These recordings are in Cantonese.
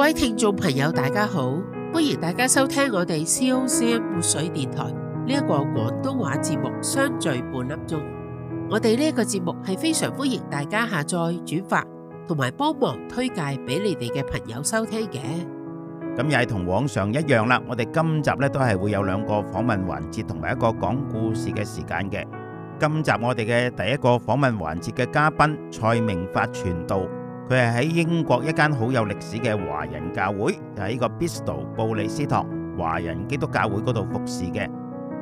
各位聽眾朋友，大家好，歡迎大家收聽我哋 COCM 活水電台呢一個廣東話節目《相聚半粒鐘》。我哋呢一個節目係非常歡迎大家下載、轉發同埋幫忙推介俾你哋嘅朋友收聽嘅。咁又係同往常一樣啦。我哋今集咧都係會有兩個訪問環節同埋一個講故事嘅時間嘅。今集我哋嘅第一個訪問環節嘅嘉賓蔡明發傳道。佢係喺英國一間好有歷史嘅華人教會，就喺個 Bristol 布理斯托華人基督教會嗰度服侍嘅。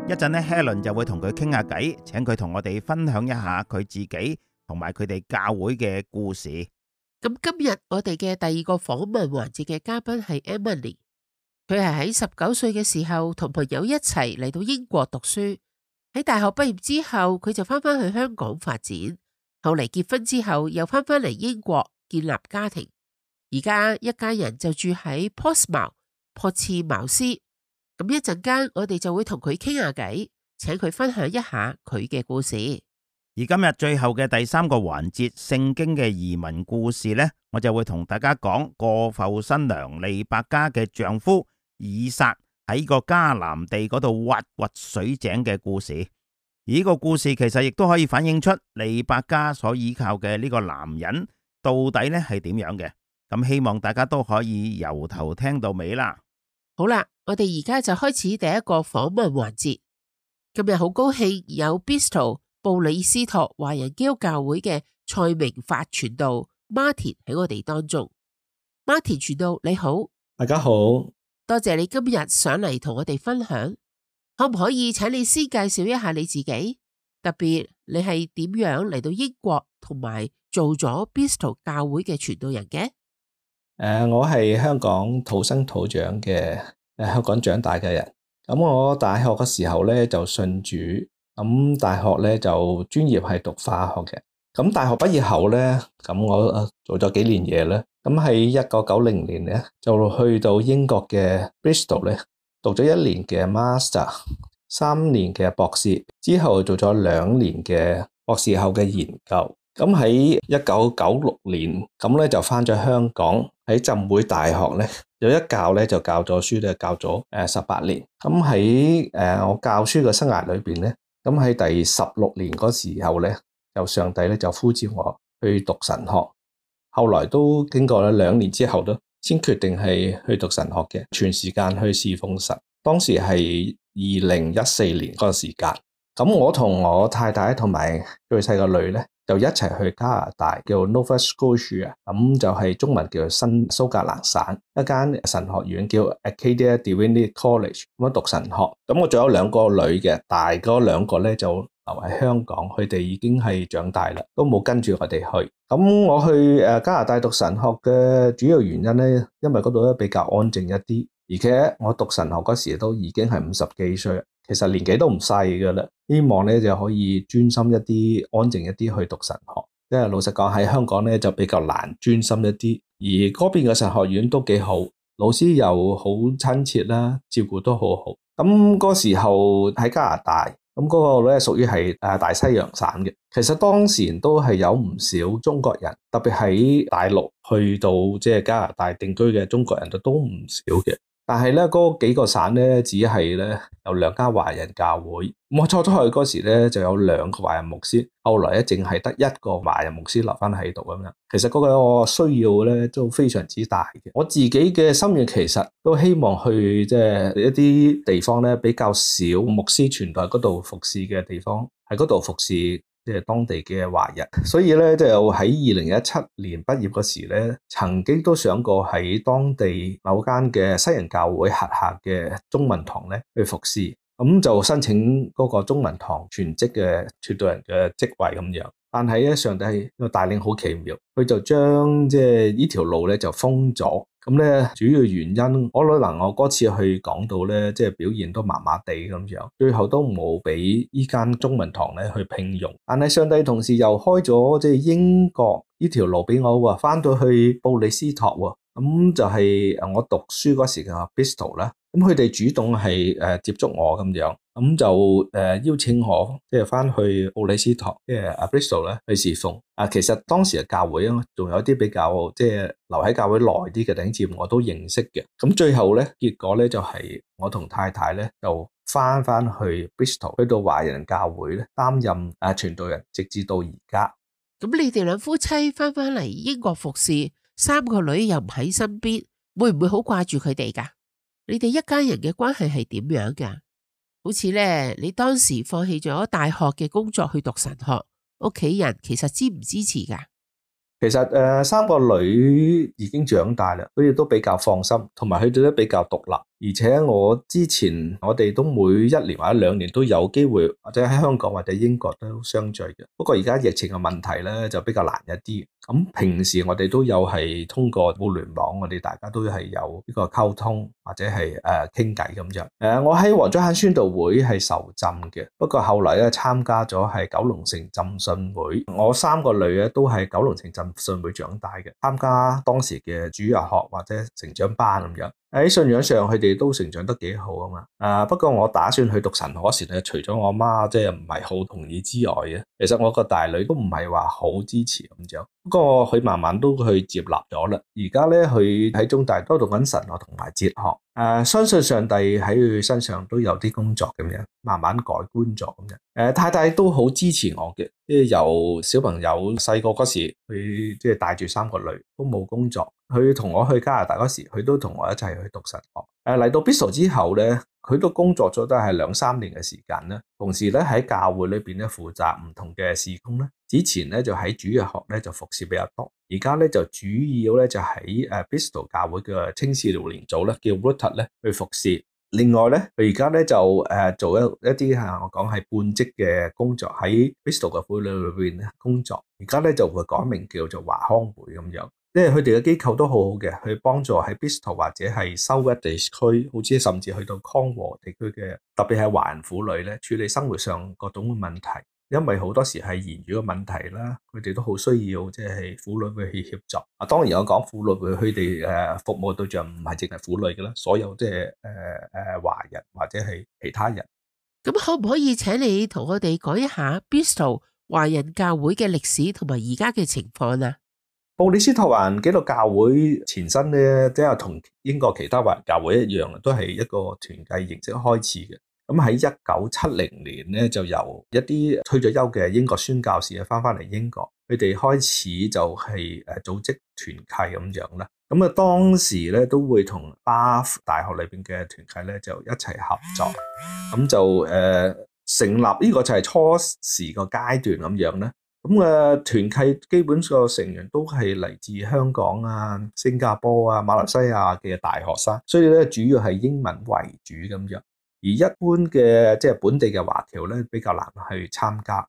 一陣呢，Helen 就會同佢傾下偈，請佢同我哋分享一下佢自己同埋佢哋教會嘅故事。咁今日我哋嘅第二個訪問環節嘅嘉賓係 Emily，佢係喺十九歲嘅時候同朋友一齊嚟到英國讀書，喺大學畢業之後，佢就翻返去香港發展，後嚟結婚之後又翻返嚟英國。建立家庭，而家一家人就住喺 Portsmouth 樸茨茅斯。咁一陣間我哋就會同佢傾下偈，請佢分享一下佢嘅故事。而今日最後嘅第三個環節，聖經嘅移民故事呢，我就會同大家講過埠新娘利百加嘅丈夫以撒喺個迦南地嗰度挖掘水井嘅故事。而呢個故事其實亦都可以反映出利百加所依靠嘅呢個男人，到底咧係點樣嘅？咁希望大家都可以由頭聽到尾啦。好啦，我哋而家就開始第一個訪問環節。今日好高興有 Bristol 布理斯托華人基督教會嘅蔡明發傳道 Martin 喺我哋當中。Martin 傳道你好，大家好，多謝你今日上嚟同我哋分享。可唔可以請你先介紹一下你自己？特別你係點樣嚟到英國同埋做咗 Bristol 教會嘅傳道人嘅？誒、呃，我係香港土生土長嘅，誒、呃，香港長大嘅人。咁我大學嘅時候咧就信主，咁大學咧就專業係讀化學嘅。咁大學畢業後咧，咁我做咗幾年嘢咧，咁喺一九九零年咧就去到英國嘅 Bristol 咧讀咗一年嘅 Master，三年嘅博士。之後做咗兩年嘅博士後嘅研究，咁喺一九九六年，咁咧就返咗香港喺浸會大學咧，有一教咧就教咗書咧教咗誒十八年。咁喺誒我教書嘅生涯裏邊咧，咁喺第十六年嗰時候咧，由上帝咧就呼召我去讀神學。後來都經過咗兩年之後都，都先決定係去讀神學嘅，全時間去侍奉神。當時係二零一四年嗰個時間。咁我同我太太同埋最細個女咧，就一齊去加拿大，叫 Nova Scotia 啊，咁就係中文叫新蘇格蘭省，一間神學院叫 Acadia Divinity College，咁讀神學。咁我仲有兩個女嘅，大嗰兩個咧就留喺香港，佢哋已經係長大啦，都冇跟住我哋去。咁我去誒加拿大讀神學嘅主要原因咧，因為嗰度咧比較安靜一啲，而且我讀神學嗰時都已經係五十幾歲。其實年紀都唔細嘅啦，希望咧就可以專心一啲、安靜一啲去讀神學，因為老實講喺香港咧就比較難專心一啲，而嗰邊嘅神學院都幾好，老師又好親切啦，照顧都好好。咁嗰時候喺加拿大，咁嗰個咧屬於係誒大西洋省嘅，其實當時都係有唔少中國人，特別喺大陸去到即係加拿大定居嘅中國人都都唔少嘅。但係咧，嗰、那個、幾個省呢，只係呢有兩家華人教會。我初初去嗰時咧，就有兩個華人牧師。後來咧，淨係得一個華人牧師留翻喺度咁樣。其實嗰個需要呢都非常之大嘅。我自己嘅心願其實都希望去即係、就是、一啲地方呢比較少牧師存在嗰度服侍嘅地方，喺嗰度服侍。即係當地嘅華人，所以咧就喺二零一七年畢業嗰時咧，曾經都想過喺當地某間嘅西人教會轄下嘅中文堂咧去服侍。咁、嗯、就申請嗰個中文堂全職嘅傳道人嘅職位咁樣，但係咧上帝嘅帶領好奇妙，佢就將即係呢條路咧就封咗。咁咧，主要原因我可能我嗰次去講到咧，即係表現都麻麻地咁樣，最後都冇俾依間中文堂咧去聘用。但係上帝同時又開咗即係英國呢條路俾我喎，翻到去布里斯托喎，咁、啊、就係、是、誒我讀書嗰時嘅 Bristol 啦。咁佢哋主動係誒、啊、接觸我咁樣。咁就誒邀請我即係翻去奧里斯托，即係阿 Bristol 咧去侍奉啊。其實當時嘅教會啊，仲有啲比較即係留喺教會耐啲嘅頂尖，我都認識嘅。咁最後咧，結果咧就係我同太太咧就翻翻去 Bristol，去到華人教會咧擔任啊傳道人，直至到而家。咁你哋兩夫妻翻翻嚟英國服侍，三個女又唔喺身邊，會唔會好掛住佢哋㗎？你哋一家人嘅關係係點樣㗎？好似咧，你當時放棄咗大學嘅工作去讀神學，屋企人其實支唔支持㗎？其實誒、呃，三個女已經長大啦，佢哋都比較放心，同埋佢哋都比較獨立。而且我之前我哋都每一年或者兩年都有機會，或者喺香港或者英國都相聚嘅。不過而家疫情嘅問題咧，就比較難一啲。咁平時我哋都有係通過互聯網，我哋大家都係有呢個溝通或者係誒傾偈咁樣。誒、呃，我喺黃竹坑宣道會係受浸嘅，不過後嚟咧參加咗係九龍城浸信會。我三個女咧都係九龍城浸信會長大嘅，參加當時嘅主日學或者成長班咁樣。喺信仰上，佢哋都成長得幾好的，嘛啊嘛。不過我打算去讀神學時，除咗我媽，即係唔係好同意之外，其實我個大女都唔係話好支持咁樣。不過佢慢慢都去接納咗啦。而家咧，佢喺中大都讀緊神學同埋哲學。誒、呃，相信上帝喺佢身上都有啲工作咁樣，慢慢改觀咗咁樣。誒、呃，太太都好支持我嘅，即係由小朋友細個嗰時，佢即係帶住三個女都冇工作，佢同我去加拿大嗰時，佢都同我一齊去讀神學。誒、呃，嚟到 Bristol 之後咧。佢都工作咗都係兩三年嘅時間啦，同時咧喺教會裏邊咧負責唔同嘅事工咧。之前咧就喺主日學咧就服侍比較多，而家咧就主要咧就喺誒 Bristol 教會嘅青少年組咧，叫 Rooter 咧去服侍。另外咧，佢而家咧就誒做一一啲嚇我講係半職嘅工作，喺 Bristol 嘅婦女會裏邊工作。而家咧就會改名叫做華康會咁樣。即係佢哋嘅機構都好好嘅，去幫助喺 Bristol 或者係蘇格地區，好似甚至去到康和地區嘅，特別係華人婦女咧，處理生活上各種問題。因為好多時係言語嘅問題啦，佢哋都好需要即係婦女去協助。啊，當然我講婦女佢哋誒服務對象唔係淨係婦女嘅啦，所有即係誒誒華人或者係其他人。咁可唔可以請你同我哋講一下 Bristol 華人教會嘅歷史同埋而家嘅情況啊？布里斯托華人基督教會前身咧，即係同英國其他華人教會一樣，都係一個團契形式開始嘅。咁喺一九七零年咧，就由一啲退咗休嘅英國宣教士翻翻嚟英國，佢哋開始就係誒組織團契咁樣啦。咁啊，當時咧都會同巴夫大學裏邊嘅團契咧就一齊合作，咁就誒、呃、成立呢、這個就係初時個階段咁樣咧。咁嘅團契基本上成員都係嚟自香港啊、新加坡啊、馬來西亞嘅大學生，所以咧主要係英文為主咁樣。而一般嘅即係本地嘅華僑咧，比較難去參加。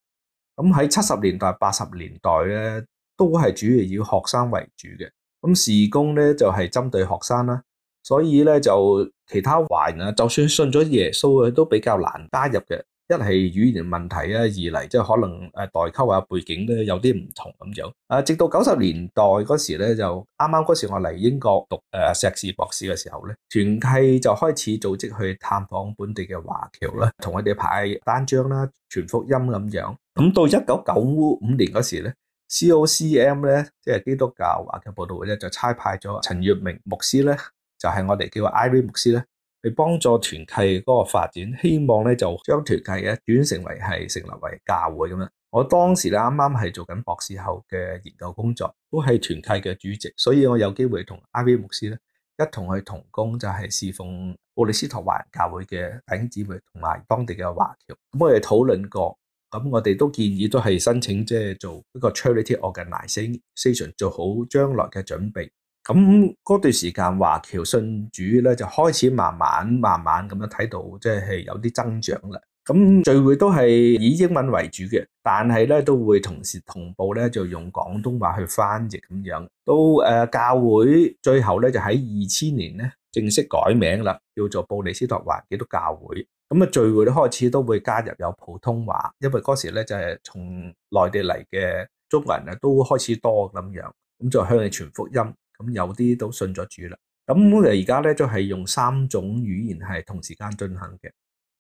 咁喺七十年代、八十年代咧，都係主要以學生為主嘅。咁事工咧就係、是、針對學生啦，所以咧就其他華人就算信咗耶穌嘅，都比較難加入嘅。一係語言問題啊，二嚟即係可能誒代溝啊、背景咧有啲唔同咁樣啊。直到九十年代嗰時咧，就啱啱嗰時我嚟英國讀誒碩士博士嘅時候咧，團契就開始組織去探訪本地嘅華僑啦，同佢哋派單張啦、傳福音咁樣。咁到一九九五年嗰時咧，COCM 咧即係基督教華僑佈道會咧，就差派咗陳月明牧師咧，就係我哋叫艾薇牧師咧。去幫助團契嗰個發展，希望咧就將團契咧轉成為係成立為教會咁樣。我當時咧啱啱係做緊博士後嘅研究工作，都係團契嘅主席，所以我有機會同阿威牧師咧一同去同工，就係侍奉布理斯托華人教會嘅弟兄姊妹同埋當地嘅華僑。咁我哋討論過，咁我哋都建議都係申請即係做一個 charity organization，做好將來嘅準備。咁嗰段時間，華僑信主咧就開始慢慢、慢慢咁樣睇到，即係有啲增長啦。咁聚會都係以英文為主嘅，但係咧都會同時同步咧就用廣東話去翻譯咁樣。到誒、呃、教會最後咧就喺二千年咧正式改名啦，叫做布理斯托華人基督教會。咁啊聚會開始都會加入有普通話，因為嗰時咧就係從內地嚟嘅中國人啊都開始多咁樣，咁就向你傳福音。咁有啲都信咗主啦。咁我哋而家咧都係用三種語言係同時間進行嘅。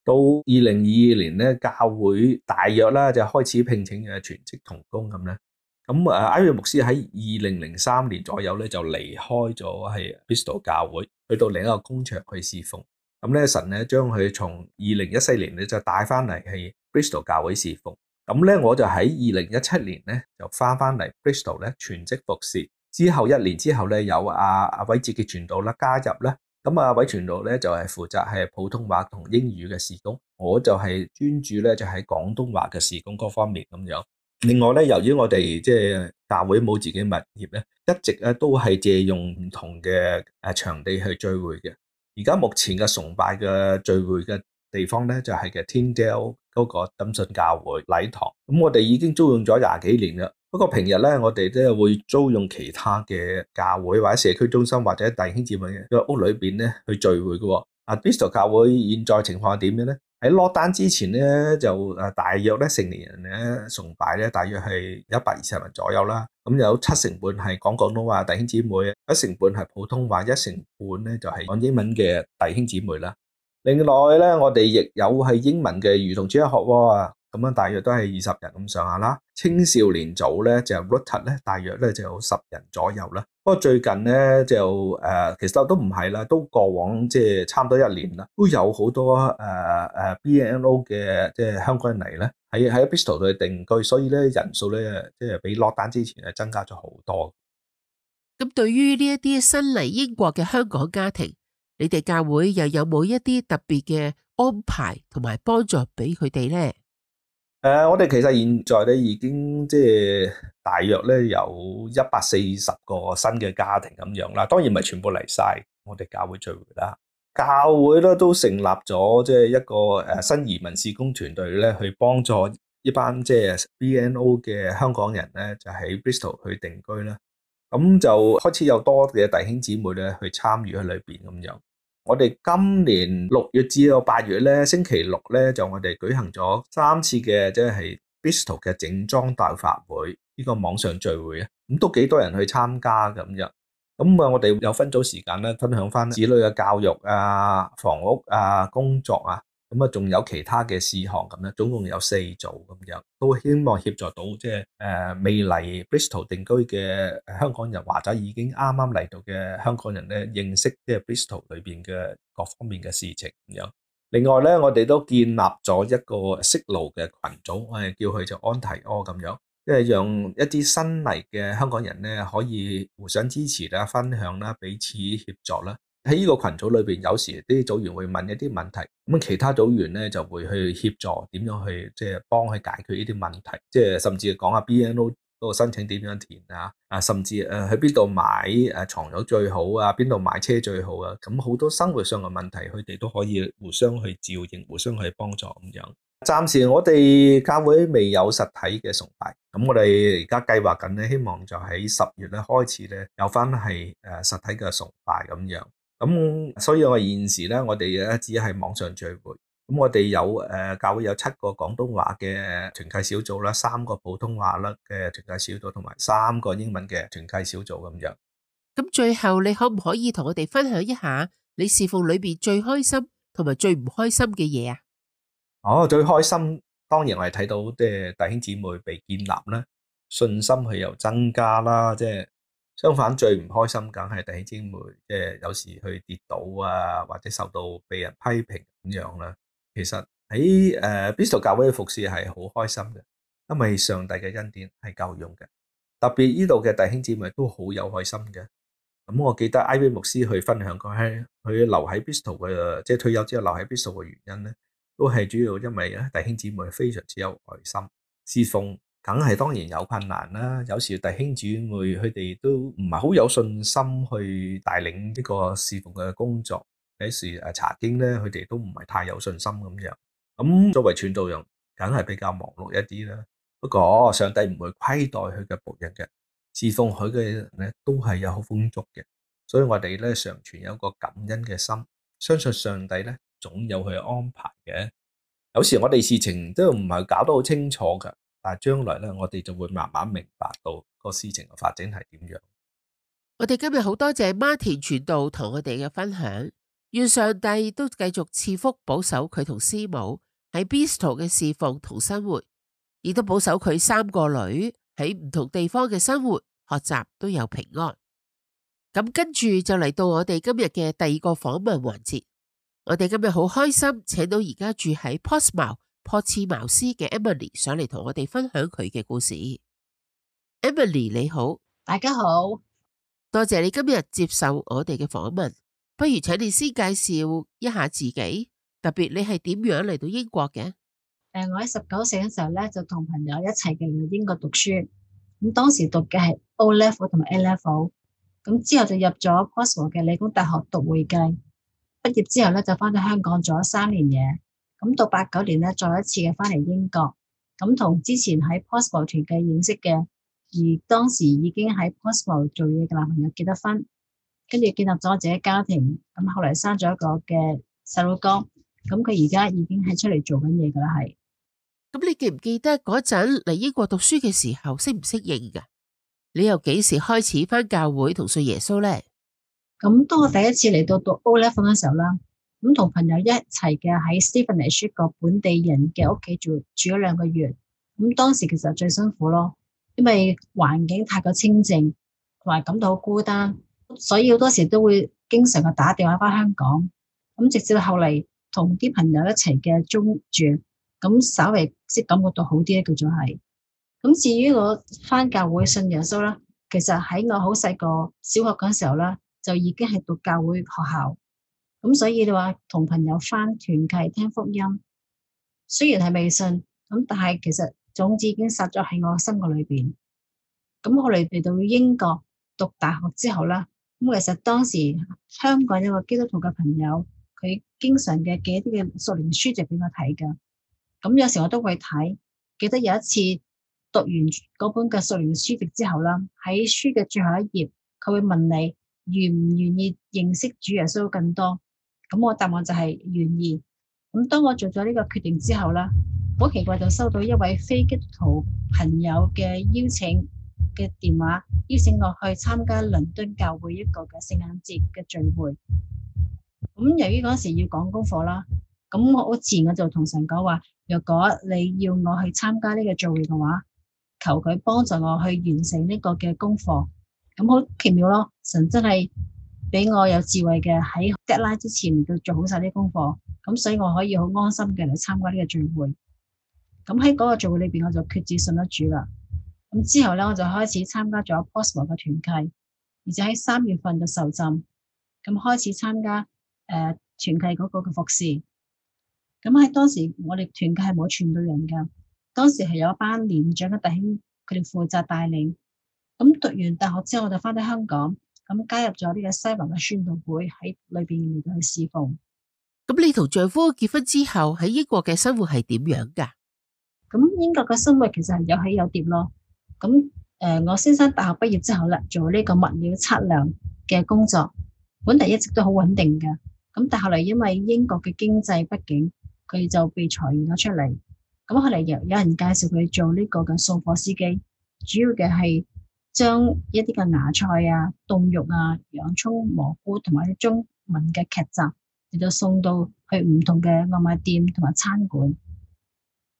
到二零二二年咧，教會大約啦就開始聘請嘅全職同工咁咧。咁誒、啊，阿約牧師喺二零零三年左右咧就離開咗係 Bristol 教會，去到另一個工場去侍奉。咁咧神咧將佢從二零一四年咧就帶翻嚟係 Bristol 教會侍奉。咁咧我就喺二零一七年咧就翻翻嚟 Bristol 咧全職服侍。之後一年之後咧，有阿阿偉哲嘅傳道啦加入啦，咁啊偉傳道咧就係、是、負責係普通話同英語嘅事工，我就係專注咧就喺、是、廣東話嘅事工嗰方面咁樣。另外咧，由於我哋即係教會冇自己物業咧，一直咧都係借用唔同嘅誒場地去聚會嘅。而家目前嘅崇拜嘅聚會嘅地方咧就係、是、嘅 Tyndale 嗰個浸信教會禮堂，咁、嗯、我哋已經租用咗廿幾年啦。不過平日咧，我哋都係會租用其他嘅教會或者社區中心或者弟兄姊妹嘅屋裏邊咧去聚會嘅、哦。啊 Bristol 教會現在情況點樣咧？喺落單之前咧就誒，大約咧成年人咧崇拜咧大約係一百二十人左右啦。咁、嗯、有七成半係講廣東話弟兄姊妹，一成半係普通話，一成半咧就係講英文嘅弟兄姊妹啦。另外咧，我哋亦有係英文嘅兒童主日學喎、哦。咁樣，大約都係二十人咁上下啦。青少年組咧就 Rutter 咧，大約咧就有十人左右啦。不過最近咧就誒，其實都唔係啦，都過往即係差唔多一年啦，都有好多誒誒 BNO 嘅即係香港人嚟咧，喺喺 Bristol 度定居，所以咧人數咧即係比落單之前係增加咗好多。咁對於呢一啲新嚟英國嘅香港家庭，你哋教會又有冇一啲特別嘅安排同埋幫助俾佢哋咧？誒，uh, 我哋其實現在咧已經即係大約咧有一百四十個新嘅家庭咁樣啦，當然唔係全部嚟晒我哋教會聚會啦。教會咧都成立咗即係一個誒新移民事工團隊咧，去幫助一班即係 BNO 嘅香港人咧，就喺 Bristol 去定居啦。咁就開始有多嘅弟兄姊妹咧去參與喺裏邊咁樣。我哋今年六月至到八月咧，星期六咧就我哋舉行咗三次嘅即係、就是、Bristol 嘅整裝大法會呢、這個網上聚會啊，咁都幾多人去參加咁樣，咁啊我哋有分組時間咧，分享返子女嘅教育啊、房屋啊、工作啊。咁啊，仲有其他嘅事項咁啦，總共有四組咁樣，都希望協助到即係誒未嚟 Bristol 定居嘅香港人、或者已經啱啱嚟到嘅香港人咧，認識即係 Bristol 裏邊嘅各方面嘅事情咁樣。另外咧，我哋都建立咗一個 Signal 嘅群組，我哋叫佢做安提阿。咁樣，即係讓一啲新嚟嘅香港人咧，可以互相支持啦、分享啦、彼此協助啦。喺呢個群組裏邊，有時啲組員會問一啲問題，咁其他組員咧就會去協助點樣去即係幫佢解決呢啲問題，即係甚至講下 BNO 嗰個申請點樣填啊，啊甚至誒喺邊度買誒牀褥最好啊，邊度買車最好啊，咁、嗯、好多生活上嘅問題，佢哋都可以互相去照應，互相去幫助咁樣。暫時我哋教會未有實體嘅崇拜，咁我哋而家計劃緊咧，希望就喺十月咧開始咧有返係誒實體嘅崇拜咁樣。咁、嗯、所以我現時咧，我哋咧只係網上聚會。咁我哋有誒、呃，教會有七個廣東話嘅團契小組啦，三個普通話啦嘅團契小組，同埋三個英文嘅團契小組咁樣。咁最後，你可唔可以同我哋分享一下你事奉裏邊最開心同埋最唔開心嘅嘢啊？哦，最開心，當然我係睇到即係弟兄姊妹被建立啦，信心係又增加啦，即係。相反，最唔開心梗係弟兄姐妹，即係有時去跌倒啊，或者受到被人批評咁樣啦。其實喺誒 Bristol 教會服侍係好開心嘅，因為上帝嘅恩典係夠用嘅。特別呢度嘅弟兄姐妹都好有愛心嘅。咁、嗯、我記得 Ivy 牧師去分享過，係佢留喺 Bristol 嘅，即係退休之後留喺 Bristol 嘅原因呢，都係主要因為咧弟兄姐妹非常之有愛心，侍奉。梗係當然有困難啦，有時弟兄姊妹佢哋都唔係好有信心去帶領呢個侍奉嘅工作，有時誒查經咧，佢哋都唔係太有信心咁樣。咁作為傳道人，梗係比較忙碌一啲啦。不過上帝唔會虧待佢嘅僕人嘅，侍奉佢嘅人咧都係有好豐足嘅。所以我哋咧常存有個感恩嘅心，相信上帝咧總有佢安排嘅。有時我哋事情都唔係搞得好清楚嘅。但係將來呢，我哋就會慢慢明白到，個事情嘅發展係點樣。 我哋今日好多謝 Martin 傳道同我哋嘅分享，願上帝都繼續賜福保守佢同師母喺 Bristol 嘅侍奉同生活，亦都保守佢三個女喺唔同地方嘅生活學習都有平安。咁跟住就嚟到我哋今日嘅第二個訪問環節，我哋今日好開心請到而家住喺 Portsmouth。樸茨茅斯嘅 Emily 上嚟同我哋分享佢嘅故事。Emily 你好，大家好，多謝你今日接受我哋嘅訪問。不如請你先介紹一下自己，特別你係點樣嚟到英國嘅？誒、呃，我喺十九歲嘅時候咧，就同朋友一齊嘅嚟英國讀書。咁當時讀嘅係 O level 同埋 A level。咁之後就入咗 c o s m o 嘅理工大學讀會計。畢業之後咧，就翻到香港做咗三年嘢。咁到八九年咧，再一次嘅翻嚟英國，咁同之前喺 Portsmouth 團嘅認識嘅，而當時已經喺 Portsmouth 做嘢嘅男朋友結得婚，跟住建立咗自己家庭，咁後來生咗一個嘅細佬哥，咁佢而家已經係出嚟做緊嘢噶啦，係。咁你記唔記得嗰陣嚟英國讀書嘅時候適唔適應噶？你又幾時開始翻教會同信耶穌咧？咁當我第一次嚟到讀 O Level 嘅時候啦。咁同朋友一齊嘅喺 Stephanie 姐個本地人嘅屋企住住咗兩個月，咁當時其實最辛苦咯，因為環境太過清靜，同埋感到好孤單，所以好多時都會經常嘅打電話翻香港，咁直至後嚟，同啲朋友一齊嘅租住，咁稍微即感覺到好啲咧，叫做係。咁至於我翻教會信耶穌，啦，其實喺我好細個小學嗰時候咧，就已經係讀教會學校。咁所以你話同朋友翻團契聽福音，雖然係未信，咁但係其實種子已經撒咗喺我心個裏邊。咁我來嚟到英國讀大學之後咧，咁其實當時香港有個基督徒嘅朋友，佢經常嘅寄一啲嘅屬靈書籍俾我睇噶。咁有時我都會睇，記得有一次讀完嗰本嘅屬靈書籍之後啦，喺書嘅最後一頁，佢會問你願唔願意認識主耶穌更多？咁我答案就係願意。咁當我做咗呢個決定之後啦，好奇怪就收到一位非基督徒朋友嘅邀請嘅電話，邀請我去參加倫敦教會一個嘅聖誕節嘅聚會。咁由於嗰時要講功課啦，咁我好自然我就同神講話：若果你要我去參加呢個聚會嘅話，求佢幫助我去完成呢個嘅功課。咁好奇妙咯，神真係～俾我有智慧嘅喺 deadline 之前，都做好晒啲功課，咁所以我可以好安心嘅嚟參加呢個聚會。咁喺嗰個聚會裏邊，我就決志信得主啦。咁之後咧，我就開始參加咗 Portsmouth 嘅團契，而且喺三月份就受浸。咁開始參加誒、呃、團契嗰個嘅服侍。咁喺當時，我哋團契係冇傳道人嘅，當時係有一班年長嘅弟兄，佢哋負責帶領。咁讀完大學之後，我就翻到香港。咁加入咗呢個西文嘅宣道會喺裏邊去侍奉。咁你同丈夫結婚之後喺英國嘅生活係點樣噶？咁英國嘅生活其實係有起有跌咯。咁誒，我先生大學畢業之後啦，做呢個物料測量嘅工作，本嚟一直都好穩定噶。咁但係後來因為英國嘅經濟不景，佢就被裁員咗出嚟。咁後來又有人介紹佢做呢個嘅送貨司機，主要嘅係。將一啲嘅芽菜啊、凍肉啊、洋葱、蘑菇同埋啲中文嘅劇集，亦都送到去唔同嘅外賣店同埋餐館。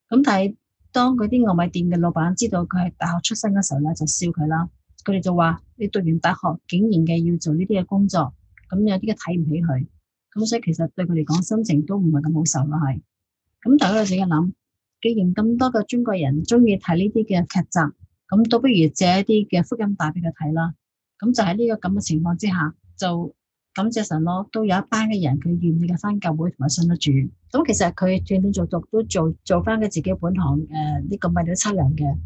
咁但係當嗰啲外賣店嘅老闆知道佢係大學出身嘅時候咧，就笑佢啦。佢哋就話：你讀完大學，竟然嘅要做呢啲嘅工作，咁有啲嘅睇唔起佢。咁所以其實對佢嚟講心情都唔係咁好受咯，係。咁大家佢自己諗，既然咁多嘅中國人中意睇呢啲嘅劇集。咁倒不如借一啲嘅福音帶俾佢睇啦。咁就喺呢個咁嘅情況之下，就感謝神咯，都有一班嘅人佢願意嘅返教會同埋信得住。咁其實佢斷斷續續都做做返佢自己本行誒呢、呃這個物理測量嘅。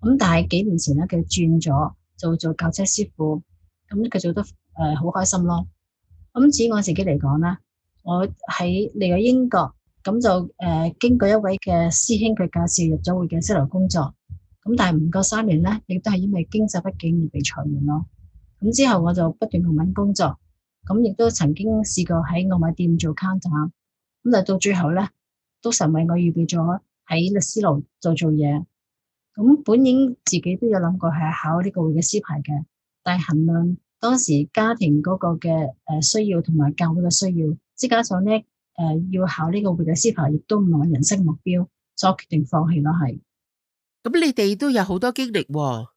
咁但係幾年前咧，佢轉咗做做教車師傅。咁佢做得誒好、呃、開心咯。咁至於我自己嚟講咧，我喺嚟咗英國，咁就誒、呃、經過一位嘅師兄佢介紹入咗會計師樓工作。咁但係唔夠三年咧，亦都係因為經濟不景而被裁員咯。咁之後我就不斷咁揾工作，咁亦都曾經試過喺外賣店做 counter，咁但係到最後咧，都神為我預備咗喺律師樓度做嘢。咁本應自己都有諗過係考呢個會計師牌嘅，但係衡量當時家庭嗰個嘅誒需要同埋教會嘅需要，即加上咧誒要考呢個會計師牌，亦都唔係我人生目標，所以我決定放棄咯，係。咁你哋都有好多經歷，哦，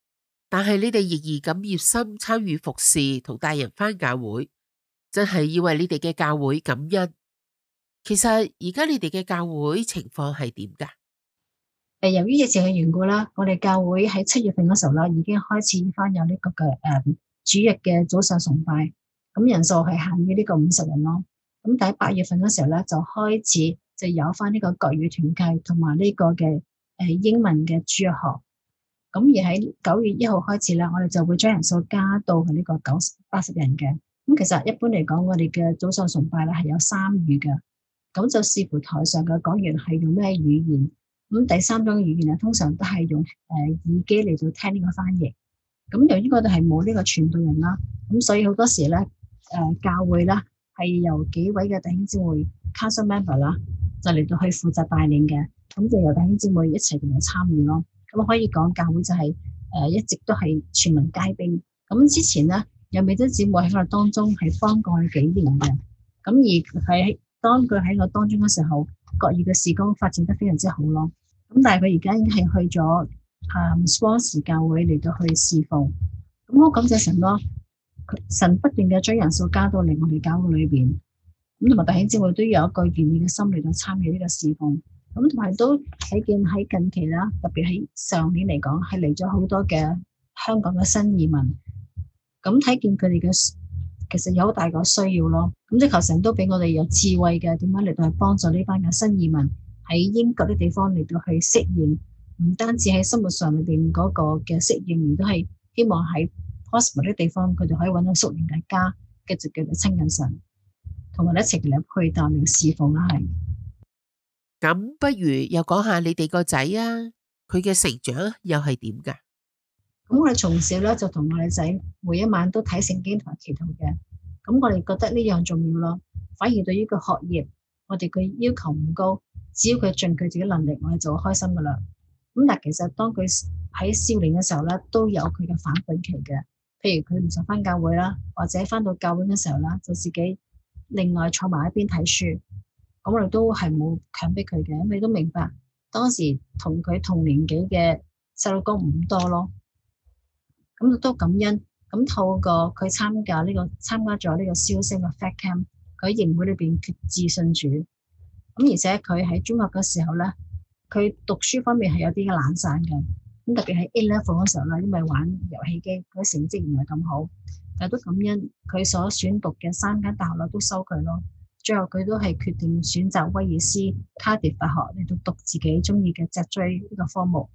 但係你哋仍然咁熱心參與服侍同帶人翻教會，真係要為你哋嘅教會感恩。其實而家你哋嘅教會情況係點噶？誒，由於疫情嘅緣故啦，我哋教會喺七月份嗰時候啦，已經開始翻有呢個嘅誒主日嘅早上崇拜，咁人數係限於呢個五十人咯。咁但係八月份嗰時候咧，就開始就有翻呢個國語團契同埋呢個嘅。誒英文嘅主日學，咁而喺九月一號開始咧，我哋就會將人數加到去呢個九十八十人嘅。咁其實一般嚟講，我哋嘅早上崇拜咧係有三語嘅，咁就視乎台上嘅講員係用咩語言。咁第三種語言啊，通常都係用誒耳機嚟到聽呢個翻譯。咁由於嗰度係冇呢個傳道人啦，咁所以好多時咧誒、呃、教會啦係由幾位嘅弟兄姊妹 council member 啦就嚟到去負責帶領嘅。咁就由弟兄姊妹一齊同我參與咯。咁可以講教會就係誒一直都係全民皆兵。咁之前咧有美珍姊妹喺我當中係幫過幾年嘅。咁而喺當佢喺我當中嘅時候，各異嘅事工發展得非常之好咯。咁但係佢而家已經係去咗啊，Response 教會嚟到去事奉。咁我感謝神咯，神不斷嘅將人數加到嚟我哋教會裏邊。咁同埋弟兄姊妹都有一個願意嘅心嚟到參與呢個事奉。咁同埋都睇見喺近期啦，特別喺上年嚟講，係嚟咗好多嘅香港嘅新移民。咁睇見佢哋嘅其實有好大個需要咯。咁、嗯、即求神都俾我哋有智慧嘅點樣嚟到去幫助呢班嘅新移民喺英國啲地方嚟到去適應，唔單止喺生活上面嗰個嘅適應，而都係希望喺 possible 啲地方佢哋可以搵到屬靈嘅家，繼續繼續親近神，同埋咧積極入去但係侍奉係。咁不如又講下你哋個仔啊，佢嘅成長又係點噶？咁我哋從小咧就同我女仔每一晚都睇聖經同埋祈禱嘅。咁我哋覺得呢樣重要咯。反而對於個學業，我哋嘅要求唔高，只要佢盡佢自己能力，我哋就會開心噶啦。咁但其實當佢喺少年嘅時候咧，都有佢嘅反叛期嘅。譬如佢唔想翻教會啦，或者翻到教院嘅時候啦，就自己另外坐埋一邊睇書。咁我哋都係冇強迫佢嘅，你都明白當時同佢同年紀嘅細路哥唔多咯。咁都感恩，咁透過佢參加呢、呢個參加咗呢個消息嘅 Fact Camp，佢喺營會裏邊決志信主。咁而且佢喺中學嘅時候咧，佢讀書方面係有啲嘅懶散嘅，咁特別喺 A Level 嗰時候啦，因為玩遊戲機，佢、那個、成績唔係咁好，但係都感恩佢所選讀嘅三間大學啦，都收佢咯。最後佢都係決定選擇威爾斯卡迪夫大學嚟到讀自己中意嘅脊椎呢個科目。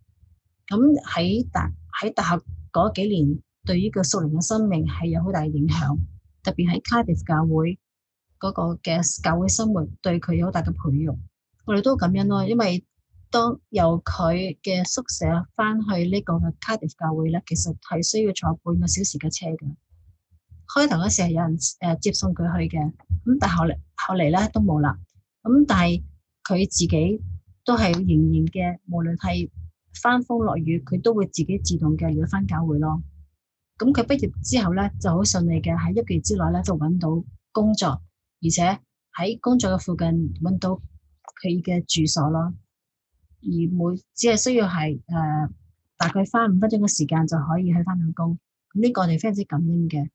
咁喺大喺大學嗰幾年，對於呢個蘇寧嘅生命係有好大嘅影響。特別喺卡迪夫教會嗰個嘅教會生活，對佢有好大嘅培育。我哋都咁樣咯，因為當由佢嘅宿舍翻去呢個嘅卡迪夫教會咧，其實係需要坐半個小時嘅車嘅。開頭嗰時係有人誒接送佢去嘅，咁但後嚟後嚟咧都冇啦。咁但係佢自己都係仍然嘅，無論係翻風落雨，佢都會自己自動嘅要翻教會咯。咁佢畢業之後咧就好順利嘅，喺一個月之內咧就揾到工作，而且喺工作嘅附近揾到佢嘅住所咯。而每只係需要係誒、呃、大概花五分鐘嘅時間就可以去翻到工。咁、那、呢個我哋非常之感恩嘅。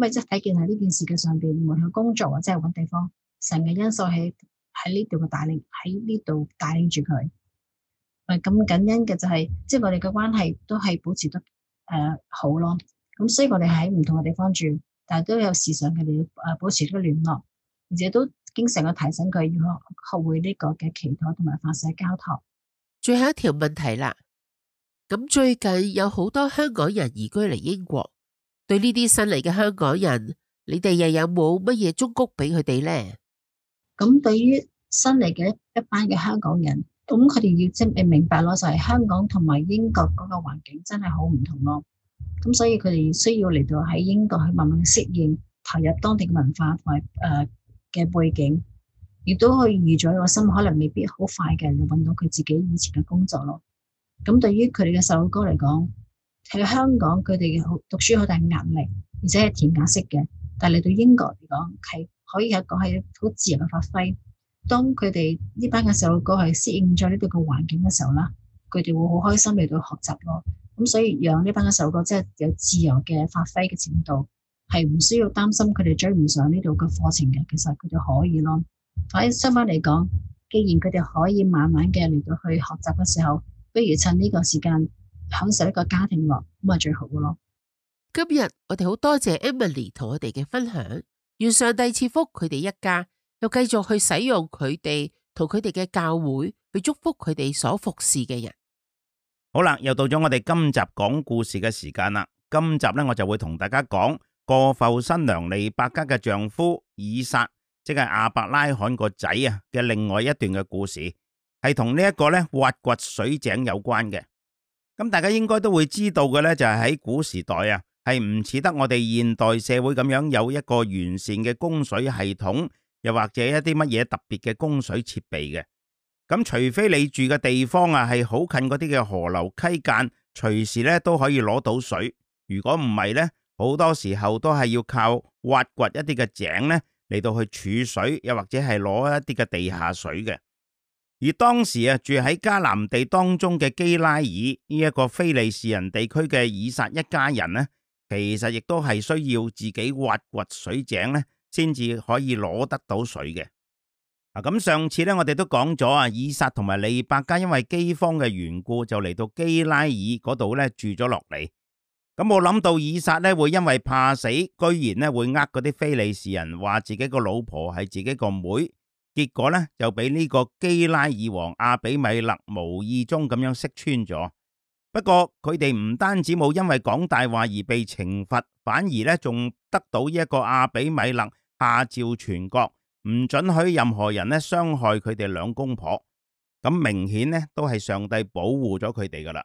因為真係睇見喺呢件事嘅上邊，無論去工作或者係搵地方，成個因素喺喺呢度嘅帶領，喺呢度帶領住佢。咁感恩嘅就係，即係我哋嘅關係都係保持得誒好咯。咁所以我哋喺唔同嘅地方住，但係都有時常佢哋誒保持個聯絡，而且都經常去提醒佢要學會呢個嘅祈禱同埋發誓交託。最後一條問題啦，咁最近有好多香港人移居嚟英國。對呢啲新嚟嘅香港人，你哋又有冇乜嘢忠告俾佢哋咧？咁對於新嚟嘅一班嘅香港人，咁佢哋要即係明白咯，就係、是、香港同埋英國嗰個環境真係好唔同咯。咁所以佢哋需要嚟到喺英國去慢慢適應，投入當地嘅文化同埋誒嘅背景，亦都去預咗個心，可能未必好快嘅就搵到佢自己以前嘅工作咯。咁對於佢哋嘅細路哥嚟講。喺香港，佢哋好讀書好大壓力，而且係填鴨式嘅。但嚟到英國嚟講，係可以係講係好自由嘅發揮。當佢哋呢班嘅細路哥係適應咗呢度嘅環境嘅時候啦，佢哋會好開心嚟到學習咯。咁所以，讓呢班嘅細路哥即係有自由嘅發揮嘅程度，係唔需要擔心佢哋追唔上呢度嘅課程嘅。其實佢哋可以咯。反相反嚟講，既然佢哋可以慢慢嘅嚟到去學習嘅時候，不如趁呢個時間，享受一個家庭樂咁啊，最好噶咯！今日我哋好多謝 Emily 同我哋嘅分享，願上帝賜福佢哋一家，又繼續去使用佢哋，同佢哋嘅教會去祝福佢哋所服侍嘅人。好啦，又到咗我哋今集講故事嘅時間啦！今集咧，我就會同大家講過埠新娘利百加嘅丈夫以撒，即係亞伯拉罕個仔啊嘅另外一段嘅故事，係同呢一個咧挖掘水井有關嘅。咁大家應該都會知道嘅咧，就係喺古時代啊，係唔似得我哋現代社會咁樣有一個完善嘅供水系統，又或者一啲乜嘢特別嘅供水設備嘅。咁除非你住嘅地方啊係好近嗰啲嘅河流溪間，隨時咧都可以攞到水。如果唔係咧，好多時候都係要靠挖掘一啲嘅井咧嚟到去儲水，又或者係攞一啲嘅地下水嘅。而當時啊，住喺迦南地當中嘅基拉耳呢一個非利士人地區嘅以撒一家人呢，其實亦都係需要自己挖掘水井咧，先至可以攞得到水嘅。嗱、啊，咁上次咧，我哋都講咗啊，以撒同埋利百加因為饑荒嘅緣故，就嚟到基拉耳嗰度咧住咗落嚟。咁冇諗到以撒咧會因為怕死，居然咧會呃嗰啲非利士人話自己個老婆係自己個妹妹。結果咧就俾呢個基拉爾王阿比米勒無意中咁樣識穿咗。不過佢哋唔單止冇因為講大話而被懲罰，反而咧仲得到一個阿比米勒下詔全國唔准許任何人呢傷害佢哋兩公婆。咁明顯呢，都係上帝保護咗佢哋噶啦。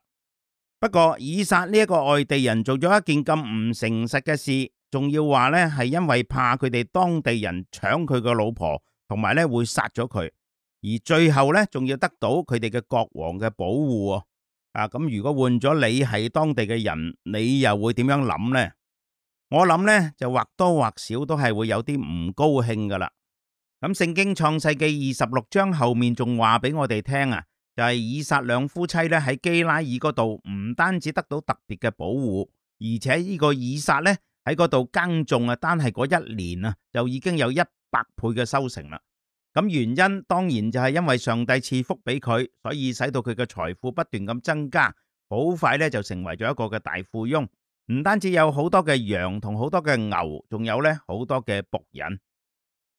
不過以撒呢一個外地人做咗一件咁唔誠實嘅事，仲要話咧係因為怕佢哋當地人搶佢個老婆。同埋咧會殺咗佢，而最後咧仲要得到佢哋嘅國王嘅保護啊！啊咁，如果換咗你係當地嘅人，你又會點樣諗呢？我諗咧就或多或少都係會有啲唔高興噶啦。咁、啊、聖經創世紀二十六章後面仲話俾我哋聽啊，就係、是、以撒兩夫妻咧喺基拉爾嗰度，唔單止得到特別嘅保護，而且呢個以撒咧喺嗰度耕種啊，單係嗰一年啊就已經有一。百倍嘅收成啦，咁原因當然就係因為上帝賜福俾佢，所以使到佢嘅財富不斷咁增加，好快咧就成為咗一個嘅大富翁。唔單止有好多嘅羊同好多嘅牛，仲有咧好多嘅僕人。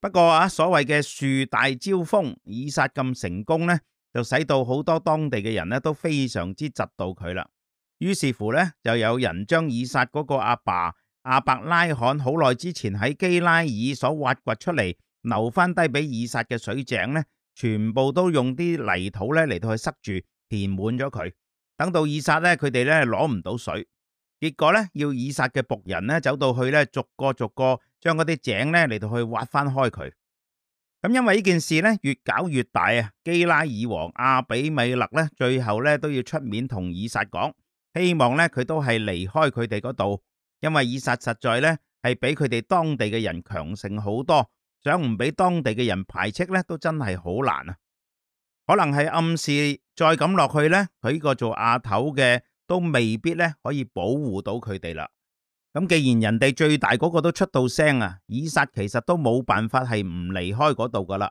不過啊，所謂嘅樹大招風，以撒咁成功咧，就使到好多當地嘅人咧都非常之窒到佢啦。於是乎咧，就有人將以撒嗰個阿爸。阿伯拉罕好耐之前喺基拉爾所挖掘出嚟、留翻低俾以撒嘅水井咧，全部都用啲泥土咧嚟到去塞住、填滿咗佢。等到以撒咧，佢哋咧攞唔到水，結果咧要以撒嘅僕人咧走到去咧，逐個逐個將嗰啲井咧嚟到去挖翻開佢。咁因為呢件事咧越搞越大啊，基拉爾王阿比米勒咧最後咧都要出面同以撒講，希望咧佢都係離開佢哋嗰度。因為以撒實在咧係比佢哋當地嘅人強盛好多，想唔俾當地嘅人排斥咧都真係好難啊！可能係暗示再咁落去咧，佢呢個做阿頭嘅都未必咧可以保護到佢哋啦。咁既然人哋最大嗰個都出到聲啊，以撒其實都冇辦法係唔離開嗰度噶啦。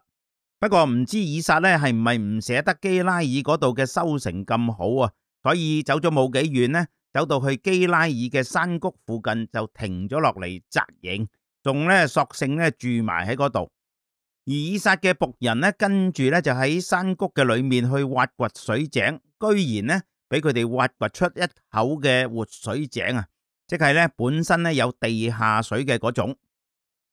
不過唔知以撒咧係唔係唔捨得基拉爾嗰度嘅收成咁好啊，所以走咗冇幾遠呢。走到去基拉爾嘅山谷附近就停咗落嚟紮營，仲咧索性咧住埋喺嗰度。而以撒嘅僕人咧跟住咧就喺山谷嘅裏面去挖掘水井，居然咧俾佢哋挖掘出一口嘅活水井啊！即係咧本身咧有地下水嘅嗰種。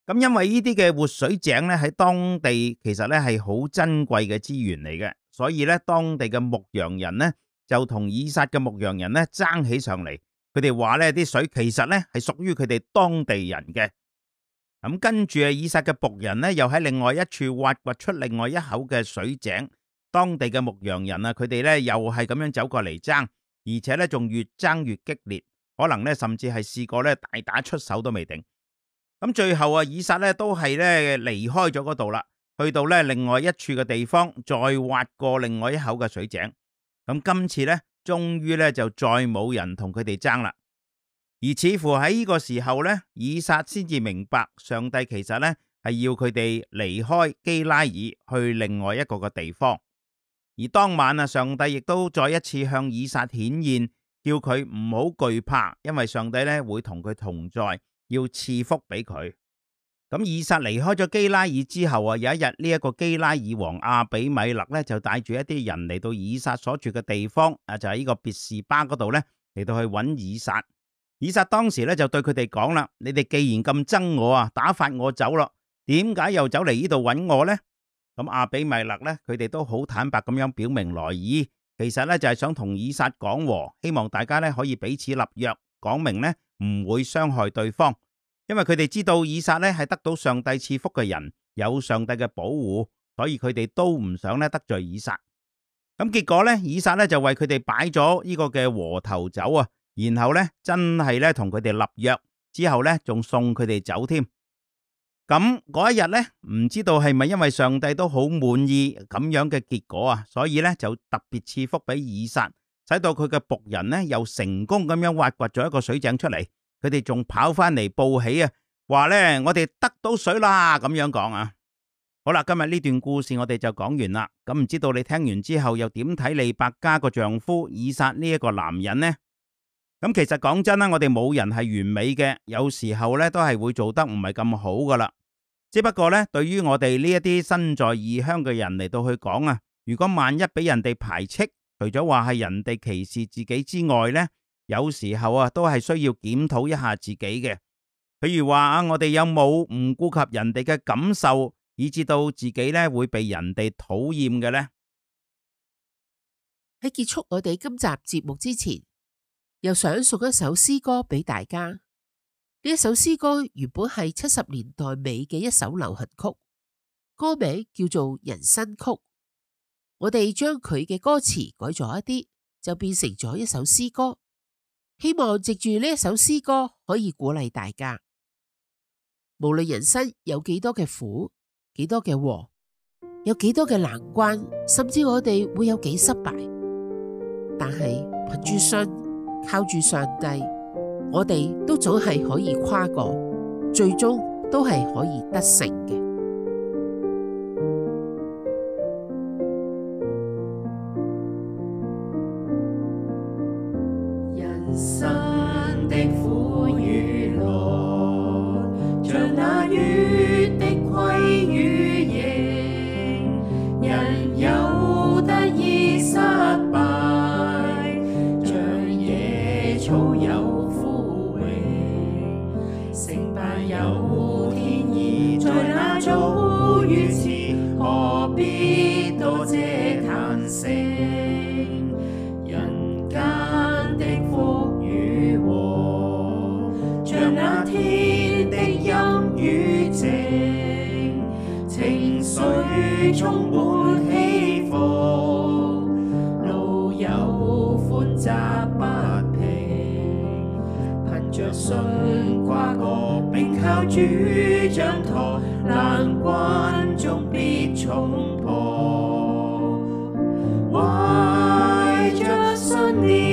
咁因為呢啲嘅活水井咧喺當地其實咧係好珍貴嘅資源嚟嘅，所以咧當地嘅牧羊人咧。就同以撒嘅牧羊人咧爭起上嚟，佢哋話呢啲水其實咧係屬於佢哋當地人嘅。咁跟住啊，以撒嘅僕人咧又喺另外一處挖掘出另外一口嘅水井，當地嘅牧羊人啊，佢哋咧又係咁樣走過嚟爭，而且咧仲越爭越激烈，可能咧甚至係試過咧大打出手都未定。咁最後啊，以撒咧都係咧離開咗嗰度啦，去到咧另外一處嘅地方再挖過另外一口嘅水井。咁今次咧，終於咧就再冇人同佢哋爭啦。而似乎喺呢個時候咧，以撒先至明白上帝其實咧係要佢哋離開基拉耳去另外一個個地方。而當晚啊，上帝亦都再一次向以撒顯現，叫佢唔好懼怕，因為上帝咧會同佢同在，要賜福俾佢。咁以撒離開咗基拉爾之後啊，有一日呢一個基拉爾王阿比米勒咧就帶住一啲人嚟到以撒所住嘅地方，啊就係呢個別士巴嗰度咧嚟到去搵以撒。以撒當時咧就對佢哋講啦：「你哋既然咁憎我啊，打發我走咯，點解又走嚟呢度搵我呢？」咁阿比米勒咧，佢哋都好坦白咁樣表明來意，其實咧就係想同以撒講和，希望大家咧可以彼此立約，講明咧唔會傷害對方。因為佢哋知道以撒咧係得到上帝賜福嘅人，有上帝嘅保護，所以佢哋都唔想咧得罪以撒。咁結果咧，以撒咧就為佢哋擺咗呢個嘅和頭酒啊，然後咧真係咧同佢哋立約，之後咧仲送佢哋走添。咁嗰一日咧，唔知道係咪因為上帝都好滿意咁樣嘅結果啊，所以咧就特別賜福俾以撒，使到佢嘅僕人咧又成功咁樣挖掘咗一個水井出嚟。佢哋仲跑翻嚟報喜啊，話咧我哋得到水啦，咁樣講啊。好啦，今日呢段故事我哋就講完啦。咁、嗯、唔知道你聽完之後又點睇利百加個丈夫以撒呢一個男人呢？咁、嗯、其實講真啦，我哋冇人係完美嘅，有時候咧都係會做得唔係咁好噶啦。只不過咧，對於我哋呢一啲身在異鄉嘅人嚟到去講啊，如果萬一俾人哋排斥，除咗話係人哋歧視自己之外呢。有時候啊，都係需要檢討一下自己嘅。譬如話啊，我哋有冇唔顧及人哋嘅感受，以致到自己呢會被人哋討厭嘅呢？喺結束我哋今集節目之前，又想送一首詩歌俾大家。呢一首詩歌原本係七十年代尾嘅一首流行曲，歌名叫做《人生曲》。我哋將佢嘅歌詞改咗一啲，就變成咗一首詩歌。希望藉住呢一首詩歌，可以鼓勵大家。無論人生有幾多嘅苦，幾多嘅禍，有幾多嘅難關，甚至我哋會有幾失敗，但係憑住信，靠住上帝，我哋都總係可以跨過，最終都係可以得勝嘅。信跨過，並靠主掌舵，難關終必衝破，懷著信念。